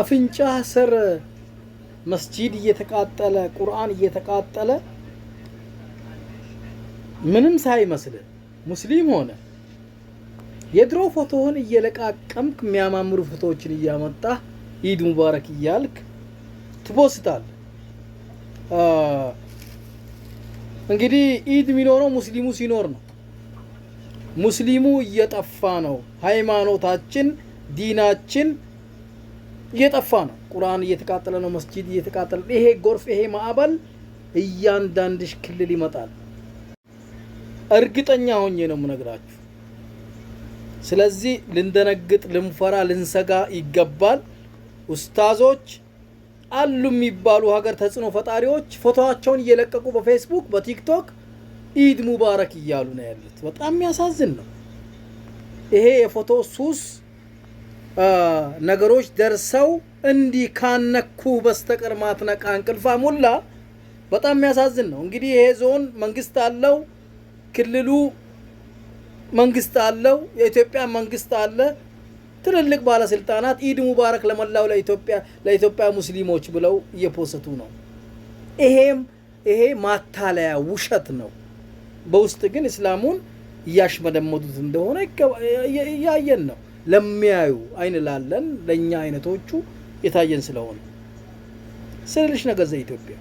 አፍንጫ ስር መስጂድ እየተቃጠለ ቁርአን እየተቃጠለ ምንም ሳይመስል ሙስሊም ሆነ የድሮ ፎቶውን እየለቃቀምክ የሚያማምሩ ፎቶዎችን እያመጣ ኢድ ሙባረክ እያልክ ትፖስታለህ። እንግዲህ ኢድ የሚኖረው ሙስሊሙ ሲኖር ነው። ሙስሊሙ እየጠፋ ነው። ሃይማኖታችን፣ ዲናችን እየጠፋ ነው። ቁርአን እየተቃጠለ ነው። መስጂድ እየተቃጠለ ይሄ ጎርፍ ይሄ ማዕበል እያንዳንድሽ ክልል ይመጣል። እርግጠኛ ሆኜ ነው የምነግራችሁ። ስለዚህ ልንደነግጥ፣ ልንፈራ፣ ልንሰጋ ይገባል። ኡስታዞች አሉ የሚባሉ ሀገር ተጽዕኖ ፈጣሪዎች ፎቶቸውን እየለቀቁ በፌስቡክ በቲክቶክ ኢድ ሙባረክ እያሉ ነው ያሉት። በጣም የሚያሳዝን ነው ይሄ የፎቶ ሱስ ነገሮች ደርሰው እንዲህ ካነኩ በስተቀር ማትነቃ እንቅልፋ ሙላ በጣም የሚያሳዝን ነው። እንግዲህ ይሄ ዞን መንግስት አለው፣ ክልሉ መንግስት አለው፣ የኢትዮጵያ መንግስት አለ። ትልልቅ ባለስልጣናት ኢድ ሙባረክ ለመላው ለኢትዮጵያ ሙስሊሞች ብለው እየፖሰቱ ነው። ይሄም ይሄ ማታለያ ውሸት ነው። በውስጥ ግን እስላሙን እያሽመደመዱት እንደሆነ እያየን ነው። ለሚያዩ አይን ላለን ለእኛ አይነቶቹ የታየን ስለሆነ ስልሽ ነገር ዘ ኢትዮጵያ